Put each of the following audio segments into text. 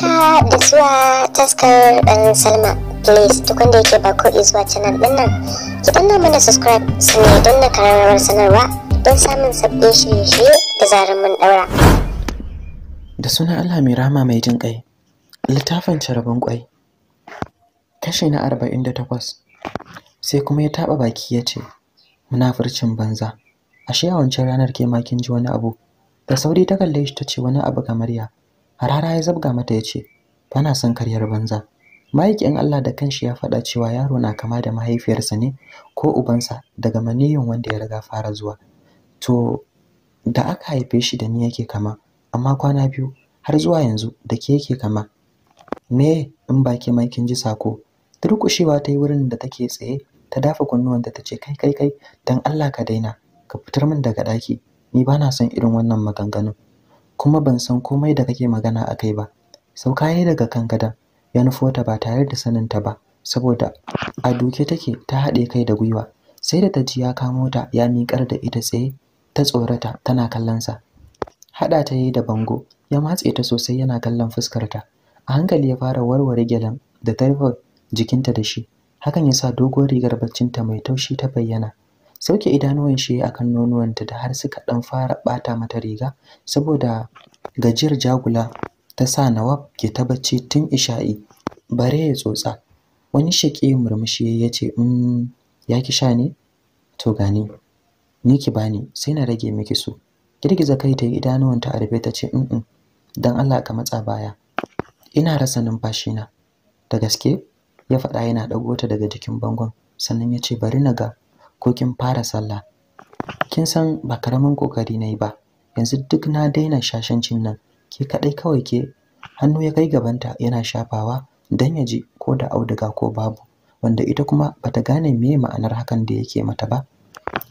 haka da zuwa taskar dan salma please duk wanda yake ba ko zuwa canal din nan ki danna mana subscribe su ne don na kararrawar sanarwa don samun sabbin shirye-shirye da zarar mun daura da suna allah mai rama mai jin kai littafin carabin kwai kashi na arba'in da takwas sai kuma ya taɓa baki ya ce munafurcin banza ashe a wancan ranar ke makin ji wani abu da sauri ta kalle shi ta ce wani abu kamar ya harara ya zabga mata ya ce bana son karyar banza in Allah da kanshi ya faɗa cewa yaro na kama da mahaifiyarsa ne ko ubansa daga maniyin wanda ya riga fara zuwa to da aka haife shi da ni yake kama amma kwana biyu har zuwa yanzu da ke yake kama me in baki mai kin ji sako durƙushewa ta yi wurin da take tsaye ta dafa kunnuwanta ta ce kai kai kai dan Allah ka daina ka fitar min daga ɗaki ni bana son irin wannan maganganun kuma ban san komai da kake magana a kai ba sauka yayi daga kan gadon ya nufo ta ba tare da saninta ba saboda a duke take ta haɗe kai da gwiwa sai da ta ji ya kamo ta ya miƙar da ita tsaye ta tsorata tana kallonsa haɗa ta yi da bango ya matse ta sosai yana kallon fuskarta a hankali ya fara warware gyalen da ta rufe jikinta da shi hakan ya sa doguwar rigar baccinta mai taushi ta bayyana sauke idanuwan shi kan nonuwanta da har suka dan fara bata mata riga saboda gajiyar jagula ta sa Nawab ke ta tun isha'i bare ya tsotsa wani shaƙi murmushi ya ce mm, ya ki sha ne to gani ni ki bani sai na rage miki su girgiza kai ta idanuwanta a rufe ta ce mm, mm dan Allah ka matsa baya ina rasa numfashi na da gaske ya faɗa yana ɗago ta daga jikin bangon sannan ya ce bari na ga ko kin fara sallah kin san ba karamin kokari nayi ba yanzu duk na daina shashancin nan ke kadai kawai ke hannu ya kai gabanta yana shafawa dan ya ji ko da auduga ko babu wanda ita kuma bata gane me ma'anar hakan da yake mata ba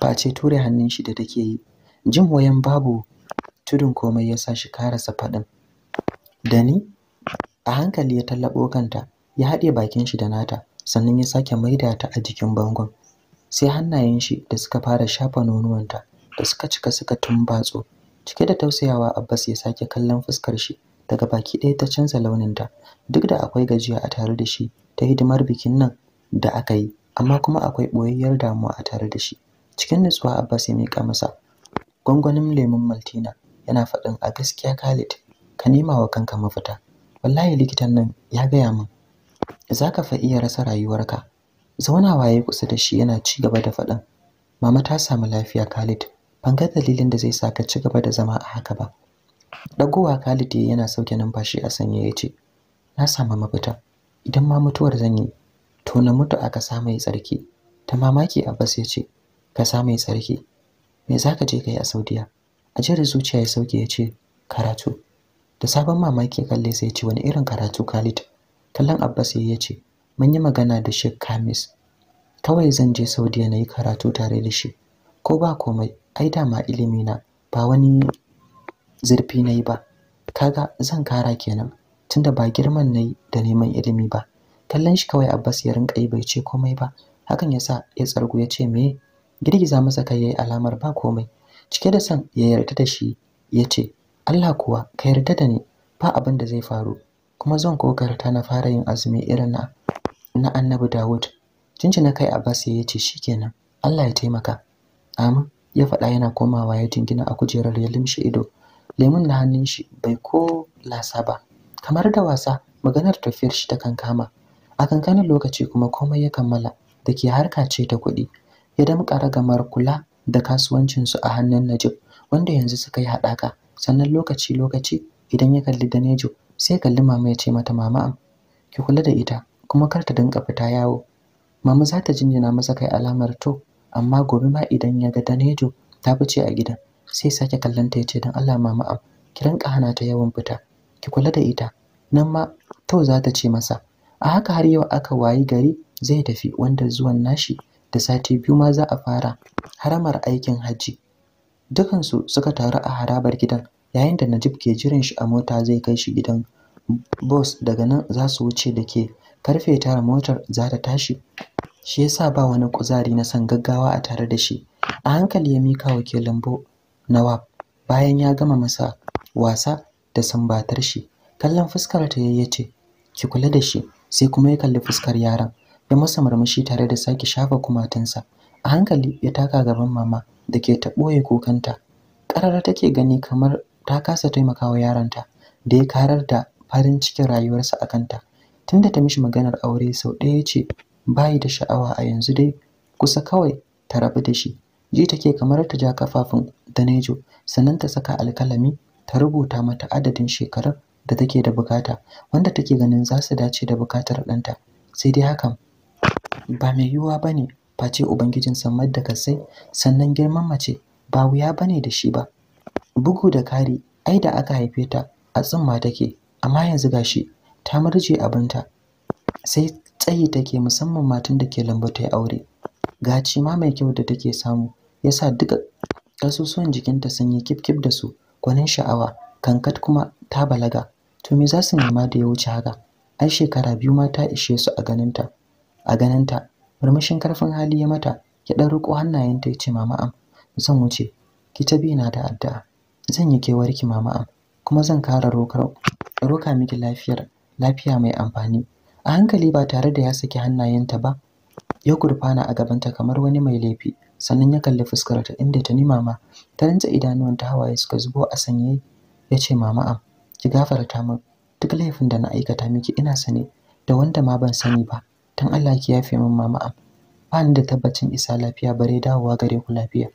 face ture hannun shi da take yi jin wayan babu tudun komai ya sa shi karasa faɗin dani a hankali ya tallabo kanta ya haɗe bakin shi da nata sannan ya sake maida ta a jikin bangon sai hannayen shi da suka fara shafa nonuwanta da suka cika suka tumbatso cike da tausayawa Abbas ya sake kallon fuskar shi daga baki ɗaya ta canza launinta duk da akwai gajiya a tare da shi ta hidimar bikin nan da aka yi amma kuma akwai ɓoyayyar damuwa a tare da shi cikin nutsuwa Abbas ya miƙa masa gwangwanin lemon Maltina yana faɗin a gaskiya Khalid ka nema wa kanka mafita wallahi likitan nan ya gaya min za ka fa iya rasa rayuwarka zauna waye kusa da shi yana ci gaba da faɗin. mama ta samu lafiya Khalid ban ga dalilin da zai sa ka ci gaba da zama a haka ba dagowa Khalid ya yana sauke numfashi a sanye ya ce na samu mafita idan ma mutuwar zan yi to na mutu aka sa mai tsarki ta mamaki Abbas ya ce ka sa mai tsarki me za ka je ka yi a Saudiya a jihar zuciya ya sauke ya ce karatu da sabon mamaki kalle sai ya ce wani irin karatu Khalid kallon Abbas ya ce mun yi magana da Sheikh Kamis kawai zan je Saudiya na yi karatu tare da shi ko ba komai ai da ma ilimi na ba wani zurfi na yi ba kaga zan kara kenan tunda ba girman na yi da neman ilimi ba kallon shi kawai Abbas ya rinka yi bai ce komai ba hakan yasa ya tsargu ya ce me girgiza masa kai yayi alamar ba komai cike da san ya yarda da shi ya ce Allah kuwa ka yarda da ni ba abin da zai faru kuma zan kokarta na fara yin azumi irin na na Annabi Dawud. na kai Abbas ya ce shi kenan, Allah ya taimaka. Amin ya faɗa yana komawa ya jingina a kujerar ya limshi ido. Lemun na hannun shi bai ko lasa ba. Kamar da wasa maganar tafiyar shi ta kankama. A kankanin lokaci kuma komai ya kammala da ke harka ce ta kuɗi. Ya damƙa ragamar kula da kasuwancinsu a hannun Najib wanda yanzu suka yi haɗaka sannan lokaci-lokaci idan ya kalli Danejo sai kalli mama ya ce mata mama ki kula da ita kuma kar ta dinga fita yawo mama za ta jinjina masa kai alamar to amma gobe ma idan ya ga danejo ta fice a gidan sai sake kallon ta yace dan Allah mama am ki rinka hana ta yawan fita ki kula da ita nan ma to za ta ce masa a haka har yau aka wayi gari zai tafi wanda zuwan nashi da sati biyu ma za a fara haramar aikin hajji dukansu suka taru a harabar gidan yayin da Najib ke jiran shi a mota zai kai shi gidan boss daga nan za su wuce da ke karfe tara motar za ta tashi shi yasa ba wani kuzari na san gaggawa a tare da shi a hankali ya mika wa ke lambo nawab bayan ya gama masa wasa da sambatar shi kallon fuskar ta yayi ce ki kula da shi sai kuma ya kalli fuskar yaran. ya masa murmushi tare da sake shafa kumatunsa a hankali ya taka gaban mama da ke ta ɓoye kokanta ƙarara take gani kamar ta kasa taimakawa yaranta da ya karar da farin cikin rayuwarsa a kanta tunda ta mishi maganar aure sau ɗaya ce bayi da sha'awa a yanzu dai kusa kawai ta rabu da shi ji take kamar ta ja kafafun danejo sannan ta saka alkalami ta rubuta mata adadin shekarar da take da bukata wanda take ganin za su dace da bukatar ɗanta sai dai hakan ba mai yiwuwa ba ne face ubangijin samar da kasai sannan girman mace ba wuya ba ne da shi ba bugu da kari ai da aka haife ta a tsumma take amma yanzu gashi ta marje abinta sai tsayi take musamman matan da ke lambu ta aure gaci ma mai kyau da take samu yasa duka kasusuwan jikinta sun yi kifkif da su gwanin sha'awa kankat kuma ta balaga to me za su nema da ya wuce haka ai shekara biyu ma ta ishe su a ganinta a ganinta murmushin karfin hali ya mata ya dan riko hannayenta ya ce mama am zan wuce ki ta bi na da addu'a zan yi kewarki mama am kuma zan kara roka roka miki lafiyar lafiya mai amfani a hankali ba tare da ya saki hannayenta ba ya kurfana a gabanta kamar wani mai laifi sannan ya kalli fuskarta inda ta ma ta rantsa idanuwanta hawaye suka zubo a sanye ya ce mama am ki gafarta min duk laifin da na aikata miki ina sane da wanda ma ban sani ba dan Allah ki yafe min mama am ba ni da tabbacin isa lafiya bare dawowa gare ku lafiya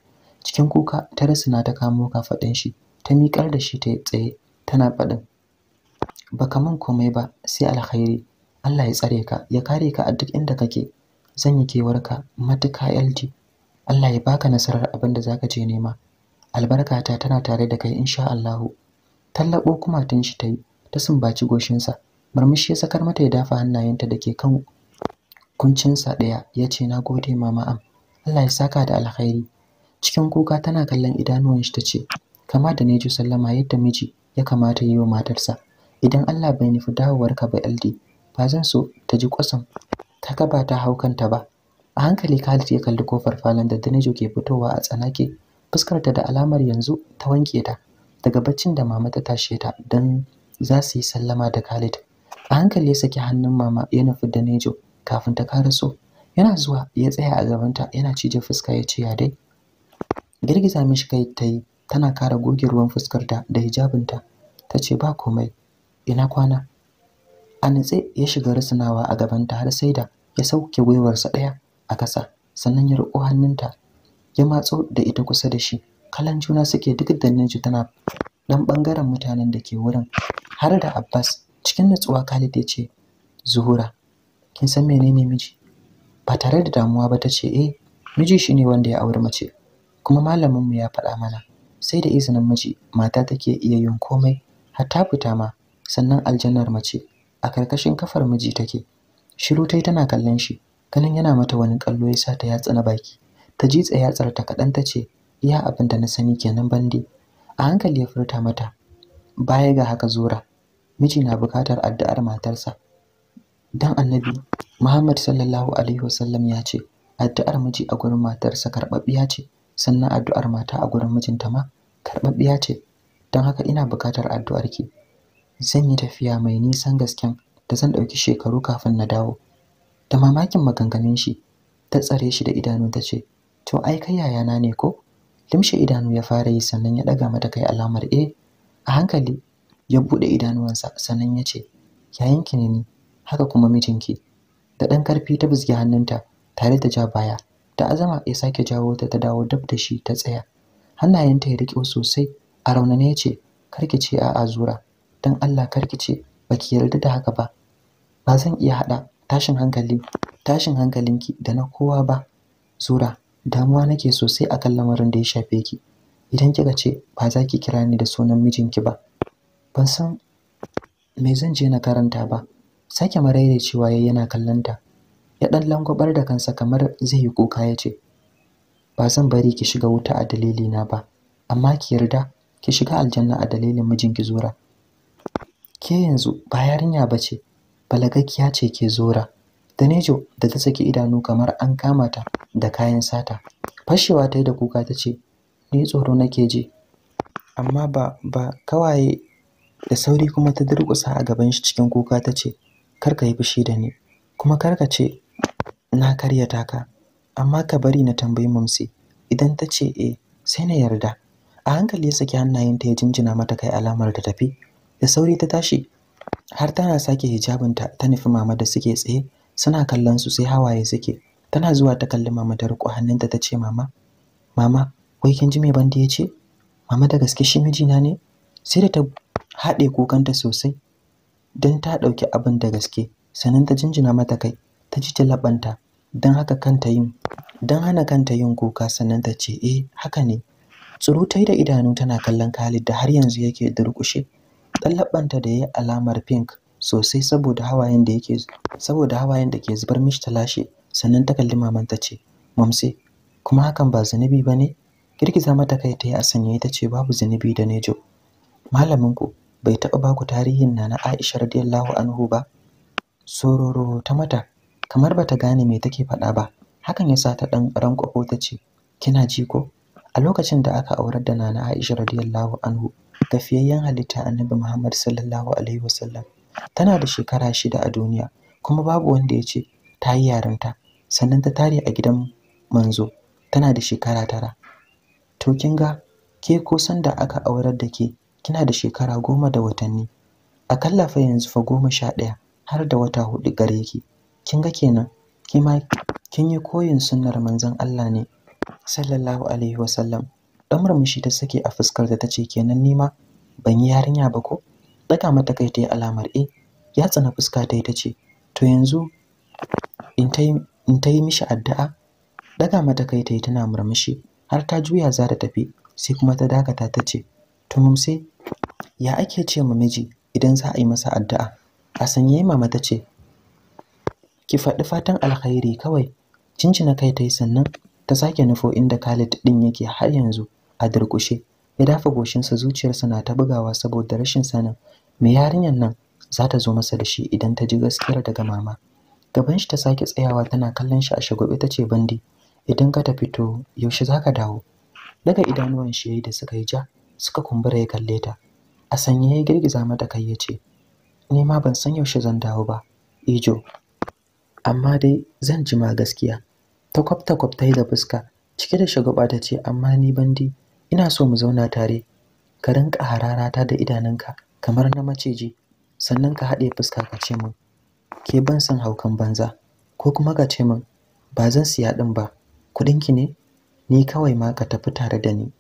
cikin kuka ta rasa na ta kamo kafaɗin shi ta miƙar da shi ta tsaye tana faɗin baka min komai ba sai alkhairi Allah ya tsare ka ya kare ka a duk inda kake zan yi kewarka matuka yalti Allah ya baka nasarar abin da zaka je nema albarkata tana tare da kai insha Allah tallabo kuma tun shi tayi ta sumbaci goshinsa murmushi ya sakar mata ya dafa hannayenta da ke kan kuncinsa ɗaya ya ce na gode mama am Allah ya saka da alkhairi cikin kuka tana kallon idanuwan shi ta ce kama da neji sallama yadda miji ya kamata yi wa matarsa idan Allah bai nufi dawowarka ba LD ba zan so ta ji kwasam ta kaba ta haukanta ba a hankali Khalid ya kalli kofar falon da dinejo ke fitowa a tsanake fuskarta da alamar yanzu ta wanke ta daga baccin da mama ta tashe ta dan za su yi sallama da Khalid a hankali ya saki hannun mama ya nufi Danijo kafin ta so yana zuwa ya tsaya a ta yana cije fuska ya ce ya dai girgiza mishi kai ta tana kara goge ruwan ta da hijabinta ta ce ba komai ina kwana a nitse ya shiga rusunawa a gabanta har sai da ya sauke gwiwarsa ɗaya a kasa. sannan ya riƙo hannunta ya matso da ita kusa da shi kalan juna suke duk da Neju tana dan bangaren mutanen da ke wurin har da Abbas cikin nutsuwa Khalid ya ce Zuhura kin san menene miji ba tare da damuwa ba tace eh miji shine wanda ya aure mace kuma malamin mu ya faɗa mana sai da izinin miji mata take iya yin komai hatta fita ma sannan aljannar mace a karkashin kafar miji take shiru tai tana kallon shi ganin yana mata wani kallo ya sa ta yatsa na baki ta jitsa yatsar ta kaɗan ta ce iya abin da na sani kenan bande. a hankali ya furta mata baya ga haka zura miji na bukatar addu'ar matarsa dan annabi Muhammad sallallahu alaihi wasallam ya ce addu'ar miji a gurin matarsa karbabbiya ce sannan addu'ar mata a gurin mijinta ma karbabbiya ce don haka ina bukatar addu'arki zan yi tafiya mai nisan gasken da zan ɗauki shekaru kafin na dawo da mamakin maganganun shi ta tsare shi da idanu ta ce to ai kai yayana ne ko limshe idanu ya fara yi sannan ya ɗaga mata kai alamar e a hankali ya buɗe idanuwansa sannan ya ce yayinki ne ni haka kuma mijinki da ɗan ƙarfi ta bizge hannunta tare da ja baya da azama ya sake jawo ta ta dawo dab da shi ta tsaya hannayenta ya riƙe sosai a raunane ya ce karki ce a'a zura don Allah kar ki ce baki yarda da haka ba ba zan iya hada tashin hankali tashin hankalinki da na kowa ba zura damuwa nake sosai akan lamarin da ya shafe ki idan kika ce ba za ki kira ni da sunan mijinki ba ban san me zan je na karanta ba sake maraire cewa yayi yana kallanta ya dan langwabar da kansa kamar zai yi kuka ya ce ba zan bari ki shiga wuta a dalili na ba amma ki yarda ki shiga aljanna a dalilin mijinki zura ke yanzu ba yarinya ba ce balagakiya ce ke zora danejo da ta saki idanu kamar an kama ta da kayan sata fashewa ta yi da kuka ta ce ni tsoro nake ji amma ba ba kawaye da sauri kuma ta durƙusa a gaban shi cikin kuka ta ce kar ka yi fushi da ni kuma kar ka ce na karya taka, amma ka bari na tambayi mamsi idan ta ce eh sai na yarda a hankali ya saki hannayenta ya jinjina mata kai alamar da tafi da sauri ta tashi har tana sake hijabin ta ta nufi mama da suke tsaye suna kallon su sai hawaye suke tana zuwa ta kalli mama ta riko hannunta ta ce mama mama wai kin ji me bandi ya ce mama da gaske shi mijina ne sai da ta haɗe kukanta sosai don ta ɗauki abin da gaske sannan ta jinjina mata kai ta ji ta labanta don haka kanta yin don hana kanta yin kuka sannan ta ce eh haka ne tsuru ta yi da idanu tana kallon Khalid da har yanzu yake durƙushe dan labbanta da yi alamar pink sosai saboda hawayen da yake saboda hawayen da ke zubar mishi talashe sannan ta kalli maman ta ce mamse kuma hakan ba ba ne? girgiza mata kai ta yi a sanye ta ce babu zanubi da nejo malamin ku bai taɓa ba ku tarihin nana Aisha radiyallahu anhu ba sororo ta mata kamar bata gane me take faɗa ba hakan yasa ta dan rankwafo ta ce kina ji ko a lokacin da aka aurar da nana Aisha radiyallahu anhu tafiyayyen halitta annabi Muhammad sallallahu alaihi wasallam tana da shekara shida a duniya kuma babu wanda ya ce ta yi yarinta sannan ta tare a gidan manzo tana da shekara tara to kin ga ke ko da aka aurar da ke kina da shekara goma da watanni A fa yanzu fa goma sha ɗaya har da wata hudu gare ki kin ga kenan kima kin yi koyin sunnar manzon Allah ne sallallahu alaihi wasallam dan murmushi ta sake a fuskar ta tace kenan nima ban yi yarinya ba ko daga mata kai ta alamar A. Eh. ya tsana fuska ta tace to yanzu in tayi yi in tayi mishi addu'a daga mata kai ta tana murmushi har ta juya za ta tafi sai kuma ta dakata ta ce to sai. ya ake ce ma miji idan za a yi masa addu'a a sanye mama ta ce ki faɗi fatan alkhairi kawai cincina kai tayi sannan ta sake nufo inda Khalid ɗin yake har yanzu a durkushe ya dafa goshinsa zuciyarsa na ta bugawa saboda rashin sanin me yarinyar nan za ta zo masa da shi idan ta ji gaskiyar daga mama gaban shi ta sake tsayawa tana kallon shi a shagwabe ta ce bandi idan ka ta fito yaushe za ka dawo daga idanuwan shi da suka yi ja suka kumbura ya kalle ta a sanye ya girgiza mata kai ya ce ni ma ban san yaushe zan dawo ba ijo amma dai zan ji ma gaskiya ta kwafta kwafta da fuska cike da shagwaba ta amma ni bandi ina so mu zauna tare ka rinka hararata da idanunka kamar na maciji sannan ka haɗe fuska ka ce min ke ban san haukan banza ko kuma ka ce min ba zan siya ɗin ba kuɗinki ne ni kawai ma ka tafi tare da ni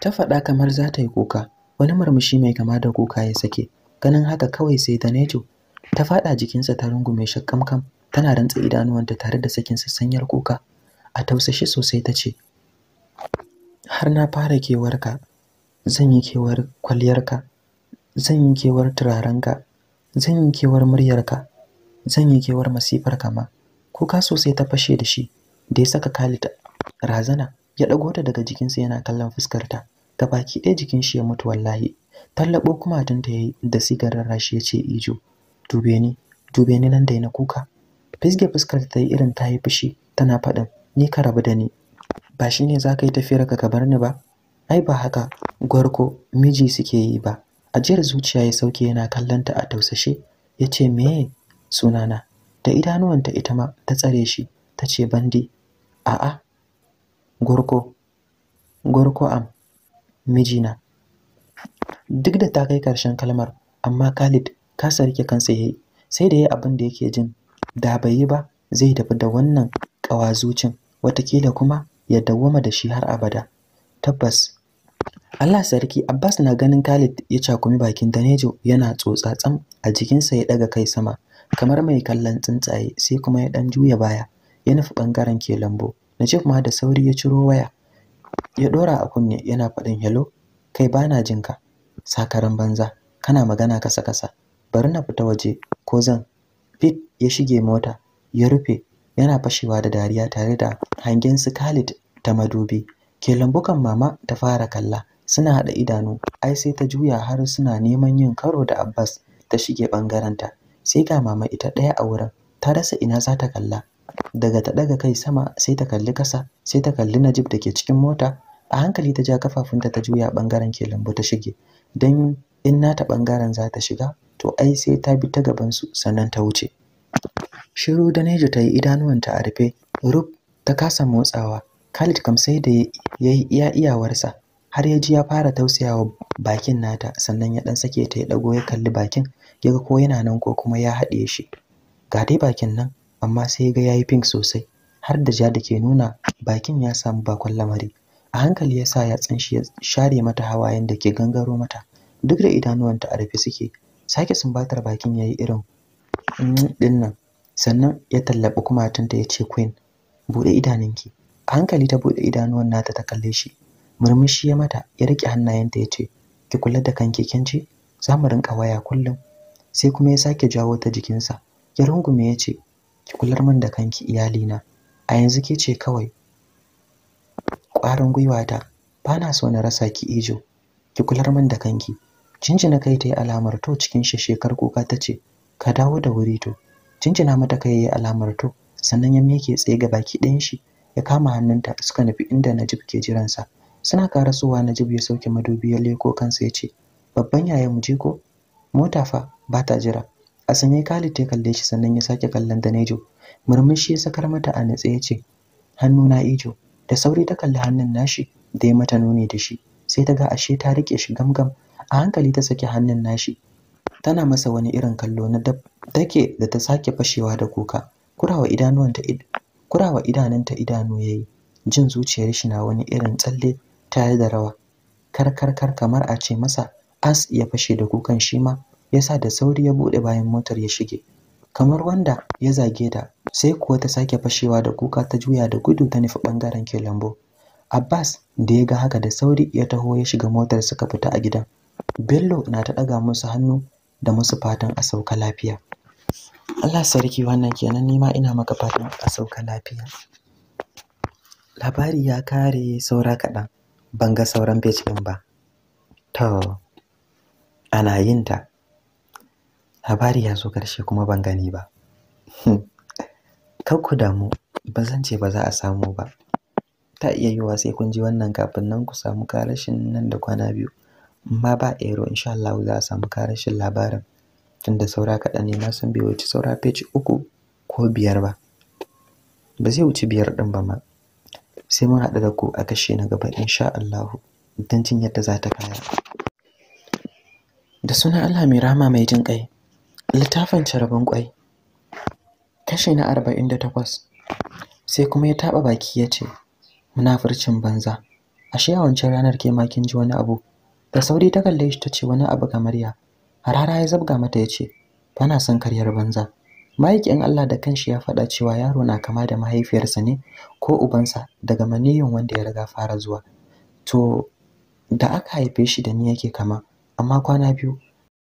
ta faɗa kamar za ta yi kuka wani murmushi mai kama da kuka ya sake ganin haka kawai sai da nejo ta faɗa jikinsa ta rungume shi kamkam tana rantsa idanuwanta tare da sakin sassanyar kuka a tausashi sosai ta ce har na fara kewarka zan yi kewar kwaliyarka zan yi kewar turarenka zan yi kewar muryarka zan yi kewar masifarka ma kuka sosai ta fashe da shi da ya saka kalita. razana ya dago ta daga jikinsa yana kallon fuskarta baki ɗaya jikin shi ya mutu wallahi tallabo kuma tun ta yi da sigarar rashi ya ce ijo dube ni dube ni nan da na kuka fisge fuskar ta yi irin ta yi fushi tana faɗin ni ka rabu da ni ba shine za ka yi tafiyarka ka bar ni ba ai ba haka gwarko miji suke yi ba ajiyar zuciya ya sauke yana kallon a tausashe ya ce meye sunana da idanuwanta ita ma ta tsare shi ta ce bandi a'a gwarko gwarko am mijina duk da ta kai karshen kalmar amma Khalid kasa rike kan tsaye, sai da yayi abin da yake jin da bai yi ba zai tafi da wannan kawazucin watakila kuma ya dawwama da shi har abada tabbas Allah sarki Abbas na ganin Khalid ya cakumi bakin Danejo yana tsotsa tsam a jikinsa ya daga kai sama kamar mai kallon tsuntsaye sai kuma ya dan juya baya ya nufi bangaren ke lambo Najib ma da sauri ya ciro waya ya dora a kunne yana faɗin hello kai bana jinka sakaran banza kana magana kasa kasa bari na fita waje ko zan fit ya shige mota ya rufe yana fashewa da dariya tare da hangen su Khalid ta madubi ke lambukan mama ta fara kalla suna haɗa idanu ai sai ta juya har suna neman yin karo da Abbas ta shige ɓangarenta sai ga mama ita ɗaya a wurin ta rasa ina za ta kalla daga ta ɗaga kai sama sai ta kalli kasa sai ta kalli Najib da ke cikin mota a hankali ta ja kafafunta ta juya ɓangaren ke lambu ta shige don in nata ɓangaren za ta shiga to ai sai ta bi ta gaban su sannan ta wuce shiru da neja ta yi idanuwanta a rufe rub ta kasa motsawa Khalid kam sai da ya iya iyawarsa har ya ji ya fara tausayawa bakin nata sannan ya dan sake ta ya dago ya kalli bakin ya ga ko yana nan ko kuma ya haɗe shi ga dai bakin nan amma sai ga yayi pink sosai har da ja da ke nuna bakin ya samu bakon lamari a hankali ya sa ya tsinshi ya share mata hawayen da ke gangaro mata duk da idanuwanta a rufe suke sake sumbatar bakin yayi irin din mm, nan sannan ya tallabi kumatinta ya ce queen bude idanunki a hankali ta buɗe idanuwan nata ta kalle shi murmushi ya mata ya rike hannayenta ya ce ki kula da kanki kin za mu rinka waya kullum sai kuma ya sake jawo ta jikinsa ya rungume ya ce ki kular min da kanki iyalina a yanzu ke ce kawai ƙwarin gwiwata ba na so na rasa ki ijo ki kular min da kanki jinjina kai ta yi alamar to cikin shekar kuka ta ce ka dawo da wuri to jinjina mata kai ya yi alamar to sannan ya miƙe tsaye ga baki ɗayan shi ya kama hannunta suka nufi inda Najib ke jiransa. Suna karasowa Najib ya sauke madubi ya leko kansa ya ce, Babban yayan mu je ko? Mota fa ba ta jira. A sanye Khalid ya kalle shi sannan ya sake kallon Danejo. Murmushi ya sakar mata a natse ya ce, Hannu na Ijo, da sauri ta kalli hannun nashi da ya mata nuni da shi. Sai ta ga ashe ta rike shi gamgam, a hankali ta sake hannun nashi. Tana masa wani irin kallo na dab take da ta sake fashewa da kuka. Kurawa idanuwanta kurawa idanunta idanu yayi jin zuciyar shi na wani irin tsalle tare da rawa kar kamar a ce masa as ya fashe da kukan shi ma yasa da sauri ya bude bayan motar ya shige kamar wanda ya zage da sai kuwa ta sake fashewa da kuka ta juya da gudu ta nufi bangaren ke lambo Abbas da ya ga haka da sauri ya taho ya shiga motar suka fita a gidan Bello na ta daga musu hannu da musu fatan a sauka lafiya Allah sarki wannan kenan nima ina maka fatan a sauka lafiya labari ya kare saura kaɗan ban ga sauran page ɗin ba to ana yin ta labari ya zo ƙarshe kuma ban gani ba hmm. kar ku damu ba zan ce ba za a samu ba ta iya yiwuwa sai kun ji wannan kafin nan ku samu karashin nan da kwana biyu amma ba ero insha Allah za a samu karashin labarin tunda saura kaɗa ne na san bai wuce saura page uku ko biyar ba ba zai wuce biyar ɗin ba ma sai mun haɗu da ku a kashe na gaba insha Allahu don jin yadda za ta kaya da sunan Allah mai rama mai jin ƙai littafin carabin ƙwai kashe na arba'in da takwas sai kuma ya taɓa baki ya ce munafurcin banza ashe a wancan ranar ke makin ji wani abu da sauri ta kalle shi ta ce wani abu kamar ya harara ya zabga mata ya ce bana son karyar banza mahaikin Allah da kanshi ya faɗa cewa yaro na kama da mahaifiyarsa ne ko ubansa daga maniyin wanda ya riga fara zuwa to da aka haife shi da ni yake kama amma kwana biyu